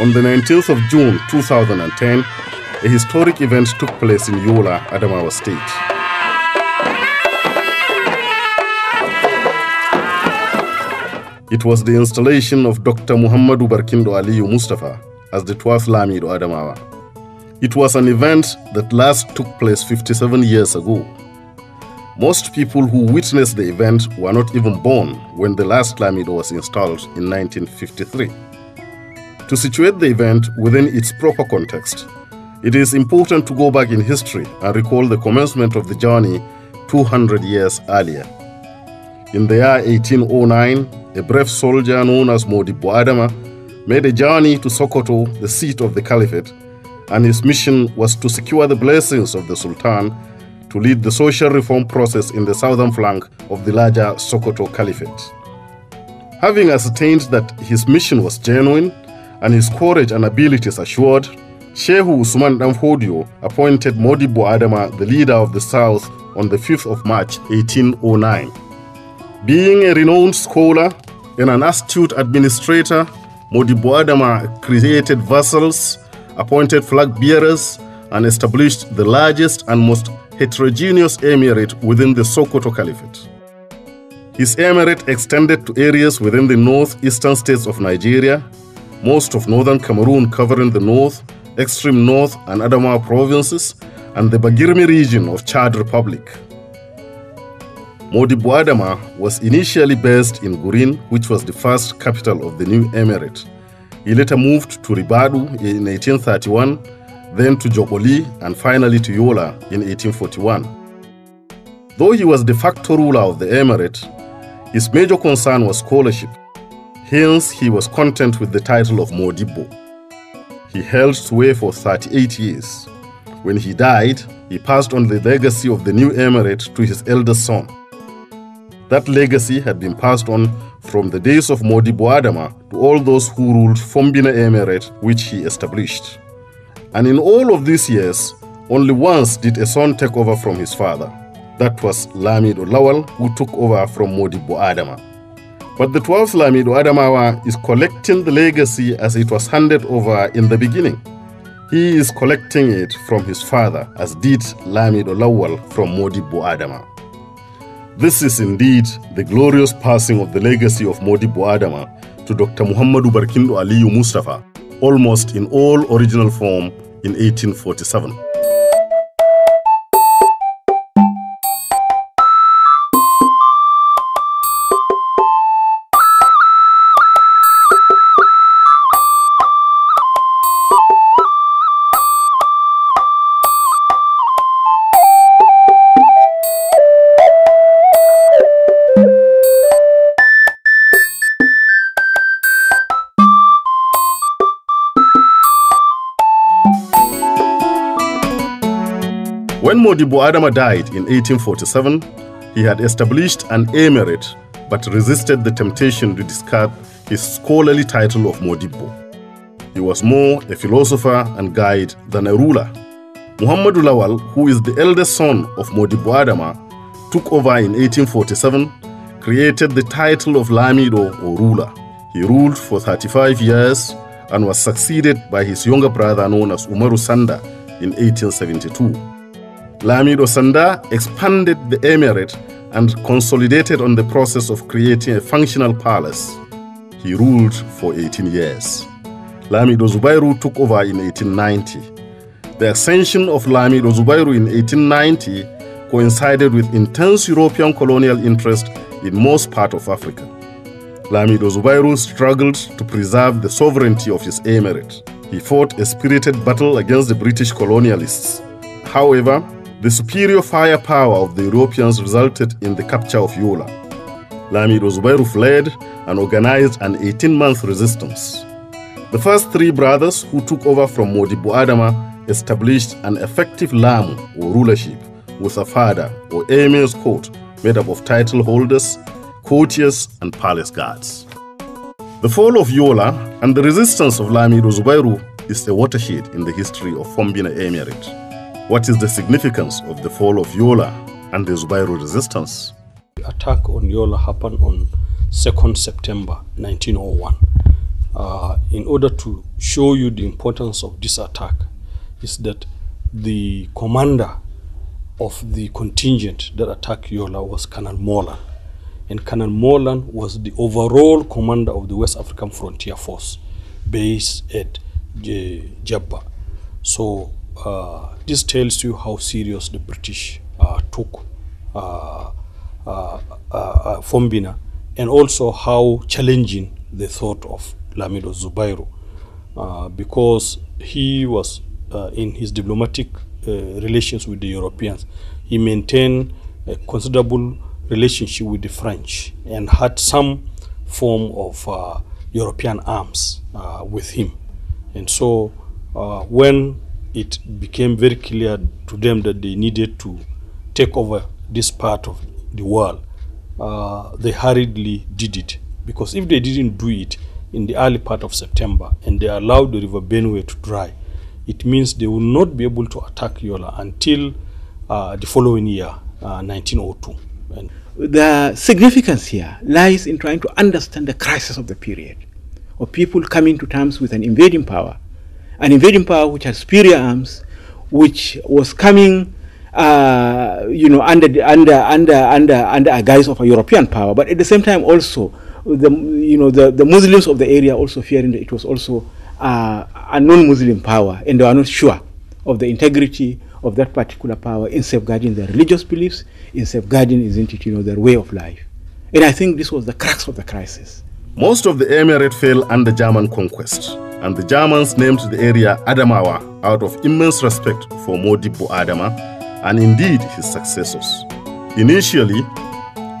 On the 19th of June 2010, a historic event took place in Yola, Adamawa State. It was the installation of Dr. Muhammadu Barkindo Aliyu Mustafa as the 12th Lamido Adamawa. It was an event that last took place 57 years ago. Most people who witnessed the event were not even born when the last Lamido was installed in 1953. To situate the event within its proper context, it is important to go back in history and recall the commencement of the journey 200 years earlier. In the year 1809, a brave soldier known as Modibo Adama made a journey to Sokoto, the seat of the caliphate, and his mission was to secure the blessings of the Sultan to lead the social reform process in the southern flank of the larger Sokoto Caliphate. Having ascertained that his mission was genuine, and his courage and abilities assured, Shehu Usman Fodio appointed Modibo Adama the leader of the South on the 5th of March 1809. Being a renowned scholar and an astute administrator, Modibo Adama created vassals, appointed flag bearers, and established the largest and most heterogeneous emirate within the Sokoto Caliphate. His emirate extended to areas within the northeastern states of Nigeria, most of northern Cameroon covering the north, extreme north and Adamawa provinces, and the Bagirmi region of Chad Republic. Modibo Adama was initially based in Gurin, which was the first capital of the new emirate. He later moved to Ribadu in 1831, then to Joboli, and finally to Yola in 1841. Though he was de facto ruler of the emirate, his major concern was scholarship. Hence, he was content with the title of Modibo. He held sway for 38 years. When he died, he passed on the legacy of the new emirate to his eldest son. That legacy had been passed on from the days of Modibo Adama to all those who ruled Fombina Emirate, which he established. And in all of these years, only once did a son take over from his father. That was Lamid Olawal, who took over from Modibo Adama. But the 12th Lamido Adamawa is collecting the legacy as it was handed over in the beginning. He is collecting it from his father, as did Lamido Lawal from Modibo Adama. This is indeed the glorious passing of the legacy of Modibo Adama to Dr. Muhammadu Barkindo Aliyu Mustafa, almost in all original form in 1847. Modibo Adama died in 1847, he had established an emirate but resisted the temptation to discard his scholarly title of Modibo. He was more a philosopher and guide than a ruler. Muhammadu Lawal, who is the eldest son of Modibo Adama, took over in 1847, created the title of Lamido or ruler. He ruled for 35 years and was succeeded by his younger brother known as Umaru Sanda in 1872. Lamido Sanda expanded the emirate and consolidated on the process of creating a functional palace. He ruled for 18 years. Lamido Zubairu took over in 1890. The ascension of Lamido Zubairu in 1890 coincided with intense European colonial interest in most part of Africa. Lamido Zubairu struggled to preserve the sovereignty of his emirate. He fought a spirited battle against the British colonialists. However, the superior firepower of the Europeans resulted in the capture of Yola. Lamido Zubairu fled and organized an 18-month resistance. The first three brothers who took over from Modibo Adama established an effective lamu or rulership with a fada or emir's court made up of title holders, courtiers, and palace guards. The fall of Yola and the resistance of Lamido Zubairu is a watershed in the history of Fombina Emirate. What is the significance of the fall of Yola and the Zubairu resistance? The attack on Yola happened on 2nd September 1901. Uh, in order to show you the importance of this attack, is that the commander of the contingent that attacked Yola was Colonel Molan. And Colonel Molan was the overall commander of the West African Frontier Force based at J- Jabba. So uh, this tells you how serious the British uh, took uh, uh, uh Fombina and also how challenging the thought of Lamido Zubairo because he was in his diplomatic relations with the Europeans. He maintained a considerable relationship with the French and had some form of European arms with him. And so when it became very clear to them that they needed to take over this part of the world, uh, they hurriedly did it. Because if they didn't do it in the early part of September and they allowed the river Benue to dry, it means they will not be able to attack Yola until uh, the following year, uh, 1902. And the significance here lies in trying to understand the crisis of the period, of people coming to terms with an invading power an invading power which has superior arms, which was coming, uh, you know, under under under under under a guise of a European power, but at the same time also the you know the, the Muslims of the area also fearing that it was also uh, a non-Muslim power, and they were not sure of the integrity of that particular power in safeguarding their religious beliefs, in safeguarding, isn't you know, their way of life. And I think this was the crux of the crisis. Most of the emirate fell under German conquest and the Germans named the area Adamawa out of immense respect for Modibo Adama and indeed his successors. Initially,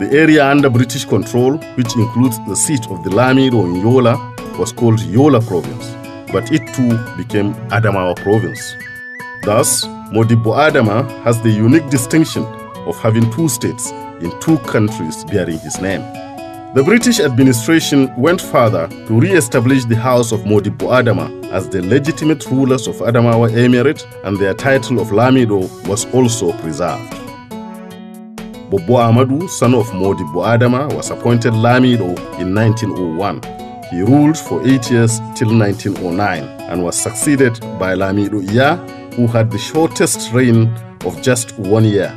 the area under British control, which includes the seat of the Lamido in Yola, was called Yola Province, but it too became Adamawa Province. Thus, Modibo Adama has the unique distinction of having two states in two countries bearing his name. The British administration went further to re-establish the House of Modibo Adama as the legitimate rulers of Adamawa Emirate and their title of Lamido was also preserved. Bobo Amadu, son of Modibo Adama, was appointed Lamido in 1901. He ruled for eight years till 1909 and was succeeded by Lamido Iya, who had the shortest reign of just one year.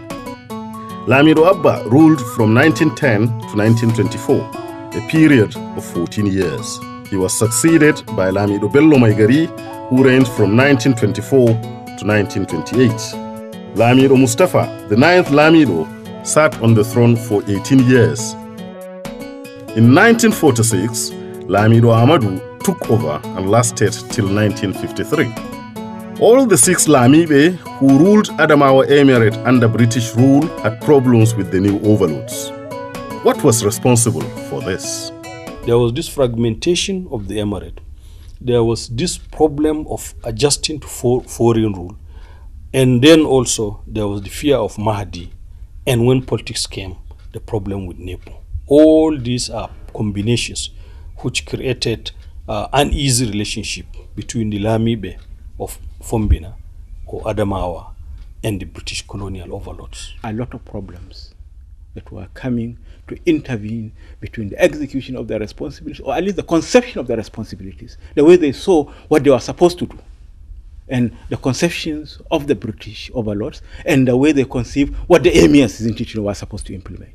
Lamido Abba ruled from 1910 to 1924, a period of 14 years. He was succeeded by Lamido Bello Maigari, who reigned from 1924 to 1928. Lamido Mustafa, the ninth Lamido, sat on the throne for 18 years. In 1946, Lamido Ahmadu took over and lasted till 1953. All the six Lamibe who ruled Adamawa Emirate under British rule had problems with the new overlords. What was responsible for this? There was this fragmentation of the emirate. There was this problem of adjusting to for foreign rule. And then also there was the fear of Mahdi. And when politics came, the problem with Nepal. All these are combinations which created uh, uneasy relationship between the Lamibe of Fombina or Adamawa and the British colonial overlords. A lot of problems that were coming to intervene between the execution of their responsibilities or at least the conception of their responsibilities, the way they saw what they were supposed to do, and the conceptions of the British overlords, and the way they conceive what the emirs in teaching were supposed to implement.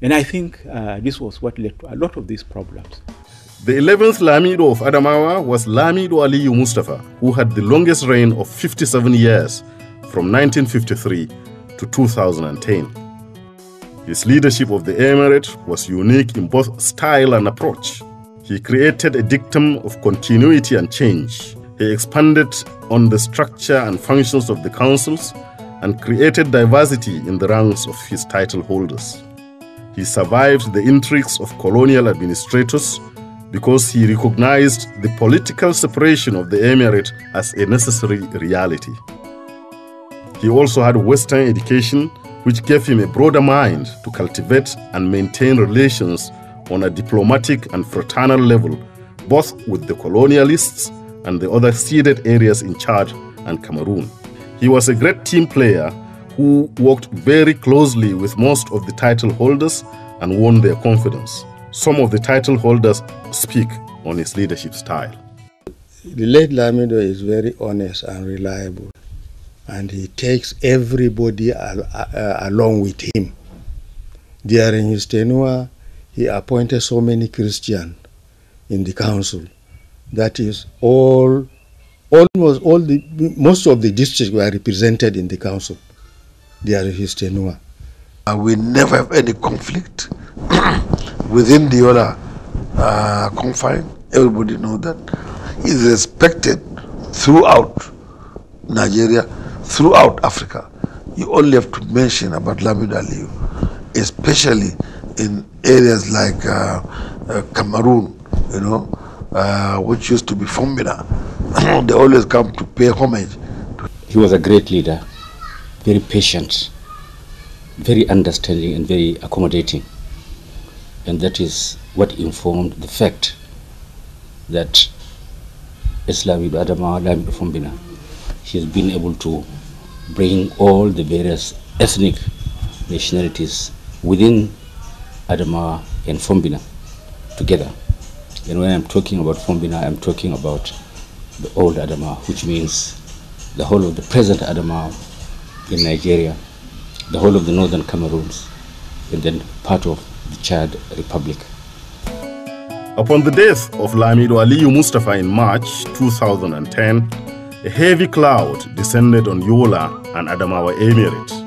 And I think uh, this was what led to a lot of these problems. The 11th Lamido of Adamawa was Lamido Aliyu Mustafa, who had the longest reign of 57 years from 1953 to 2010. His leadership of the emirate was unique in both style and approach. He created a dictum of continuity and change. He expanded on the structure and functions of the councils and created diversity in the ranks of his title holders. He survived the intrigues of colonial administrators because he recognized the political separation of the emirate as a necessary reality. He also had Western education, which gave him a broader mind to cultivate and maintain relations on a diplomatic and fraternal level, both with the colonialists and the other ceded areas in Chad and Cameroon. He was a great team player who worked very closely with most of the title holders and won their confidence some of the title holders speak on his leadership style. The late Lamido is very honest and reliable, and he takes everybody al uh, along with him. During his tenure, he appointed so many Christians in the council. That is, all, almost all the, most of the districts were represented in the council during his tenure. And we never have any conflict. within the other uh, confine. Everybody know that is respected throughout Nigeria, throughout Africa. You only have to mention about Lamid Aliyu, especially in areas like uh, uh, Cameroon, you know, uh, which used to be Fombina. they always come to pay homage. He was a great leader, very patient, very understanding and very accommodating and that is what informed the fact that Islam Ibn Adam Fombina, Bina has been able to bring all the various ethnic nationalities within Adama and Fombina together. And when I'm talking about Fombina, I'm talking about the old Adama, which means the whole of the present Adama in Nigeria, the whole of the northern Cameroons, and then part of the Chad Republic. Upon the death of Lamido Aliyu Mustafa in March 2010, a heavy cloud descended on Yola and Adamawa Emirate.